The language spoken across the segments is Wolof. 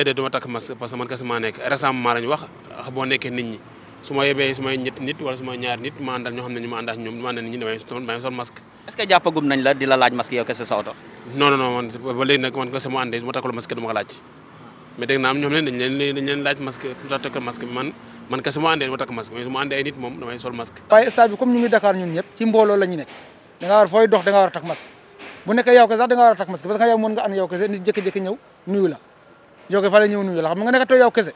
dede eh, duma tak mas pas parce que man kese maa nekk récemment lañ wax ah, boo nekkee nit ñi suma ma suma ñet nit wala suma ñaar nit ma andal ñoo xamna ñu ma andax ñom ma andal nit ñi damay sol masque. est ce que jàppagum nañ la di la laaj masque yow kese sa auto non non non man ba léegi nak man kese ma andé mo takul masque dama ko laaj mais dégg naa am ñoom ne dañ leen dañ leen laaj masque lu tax takk masque man man kese ma andé mo tak masque mais su ay nit mom dama sol masque. way stade bi comme ñu ngi Dakar ñun ñep ci mbolo lañu nek da nga war foy dox da nga war tak bu yow da nga war tak parce que yow nga yow nit ñew nuyu la jóge fa la ñëw nuyu la xam nga nekkatoo yow kese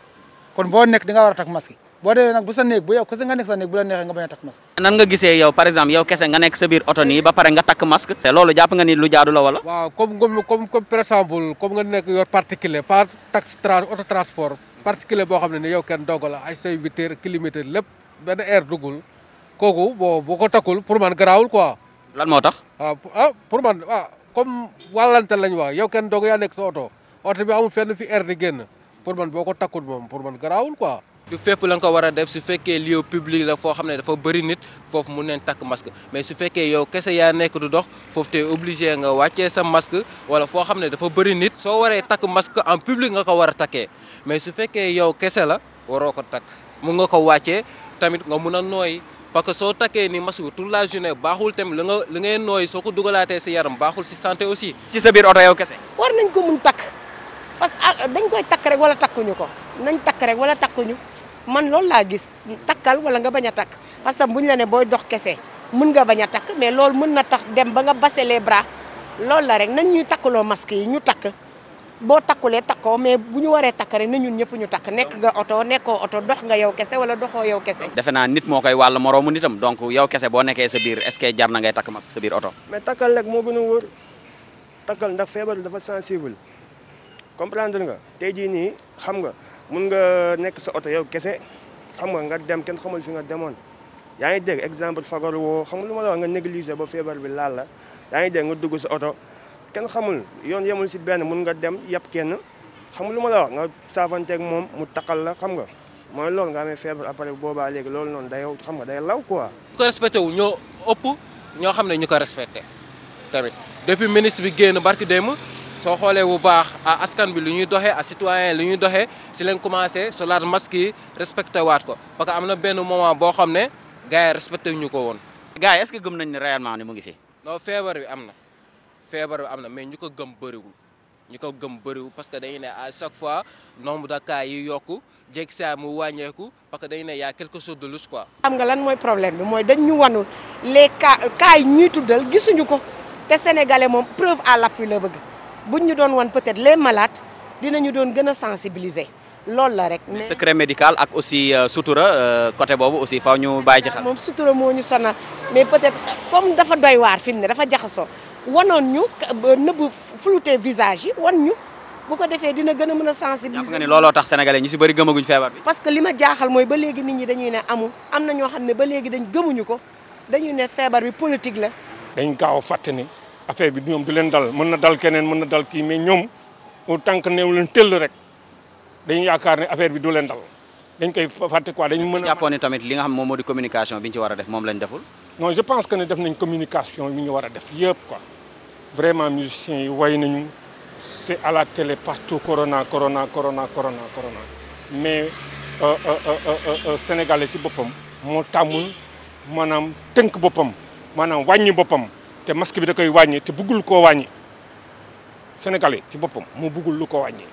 kon boo nekk di nga war a takk masque boo demee nag bu sa néeg bu yow kese nga nekk sa néeg bu la neexee nga bañ a takk masque nan nga gisee yow par exemple yow kese nga nekk sa biir oto nii ba pare nga takk masque te loolu jàpp nga ni lu jaadu la wala waaw comme comme comme par exemple comme nga nekk yor particulier par taxi auto transport particulier boo xam ne ni yow kenn dogg la ay say vitre climatiseur lépp benn air duggul kooku boo boo ko takkul pour man garaawul quoi lan moo tax waaw ah, ah pour man waaw ah, comme wàllante lañ wax yow kenn dogg yaa nekk sa oto oto bi amul fenn fi air di génn pour man boo ko takkul moom pour man garaawul quoi. du fépp la nga ko war a def su fekkee lieu public la foo xam ne dafa bëri nit foofu mun neen takk masque mais su fekkee yow kese yaa nekk du dox foofu te obligé nga wàccee sa masque wala foo xam ne dafa bëri nit. soo waree takk masque en public nga ko war a takkee mais su fekkee yow kese la waroo ko takk mun nga ko wàccee tamit nga mun a nooyi parce que soo takkee ni masque toute la journée baaxul tamit la nga li ngay nooyi soo ko dugalaatee si yaram baaxul si santé aussi. ci sa biir oto yow kese. war nañ ko mun takk. parce ah, dañ koy tak rek wala takuñu ko nañ tak rek wala takuñu man lool la gis takal wala nga baña tak parce que buñ la né boy dox kese mën nga baña tak mais lool mën na tax dem ba nga bassé les bras lool la rek nañ ñuy masque yi ñu tak bo takulé takko mais buñu waré tak rek nañ ñun ñëpp ñu tak nek nga auto neko auto dox nga yow kessé wala doxo yow kessé défé na nit mo koy wal moromu nitam donc yow kessé bo nekké sa biir est ce que jar na ngay tak masque sa biir auto mais takal rek mo gënu wër takal ndax fièvre dafa sensible comprendre nga tey jii nii xam nga mun nga nekk sa oto yow kese xam nga nga dem kenn xamul fi nga demoon yaa ngi dégg exemple fagar woo xam nga lu ma la wax nga négliger ba feebar bi laal la yaa ngi dégg nga dugg sa oto kenn xamul yoon yemul si benn mun nga dem yàpp kenn xam nga lu ma la wax nga saafanteeg moom mu taqal la xam nga mooy loolu nga amee feebar après boobaa léegi loolu noonu day xam nga day law quoi. ñu ko respecté wu ñoo ëpp ñoo xam ne ñu ko respecté tamit depuis ministre bi génn barki démb soo xoolee bu baax ah askan bi lu ñuy doxee ah citoyen lu ñuy doxee ci lañ commencé solar masque yi respecté waat ko parce que amna benn moment bo xamné ne gars yi respecté ñu ko woon. gars yi est ce que gëm nañ ni réellement ni mu ngi fi. non feebar bi amna na bi amna mais ñuko gëm bëriwul ñu ko gëm bëriwul parce que dañu né à chaque fois nombre de cas yi yokku jéeg sa mu wàññeeku parce que dañu né ya quelque chose de louche quoi. xam nga lan moy problème bi moy dañ ñu wanul les cas cas yi ñuy tuddal gisuñu ko te sénégalais mom preuve à l'appui le bëgg. buñ ñu doon wan peut-être les malades dinañu doon gëna a sensibiliser loolu la rek. mais secret médical ak aussi euh, sutura euh, côté boobu aussi faaw ñu bàyyi ci xel. moom sutura moo ñu sonal mais peut-être comme dafa doy waar fi ne dafa jaxasoo wanoon ñu euh, nëbbu flouté visage yi wan ñu bu ko defee dina gën a mën a sensibiliser. nga ni looloo tax sénégalais ñu si bari gëmaguñ feebar bi. parce que li ma jaaxal mooy ba léegi nit ñi dañuy ne amu am na ñoo xam ne ba léegi dañ gëmuñu ko dañuy ne feebar bi politique la. dañ gaaw a fàtte affaire bi ñoom du leen dal mën na dal keneen mën na dal ki mais ñoom au tant que néew leen tëll rek dañu yaakaar ne affaire bi du leen dal dañ koy faté quoi dañu mëna a tamit li nga xam mom modi communication biñ ci wara def mom lañ deful non je pense que ne def nañ communication yi wara def yépp quoi vraiment musiciens yi way nañu c'est à la télé partout corona corona corona corona corona mais euh, euh, euh, sénégalais ci bopam mo tamul manam teunk bopam manam wàññi bopam te masque bi da koy wàññi te bëggul koo wàññi Sénégalais ci boppam moo bëggul lu ko wàññi.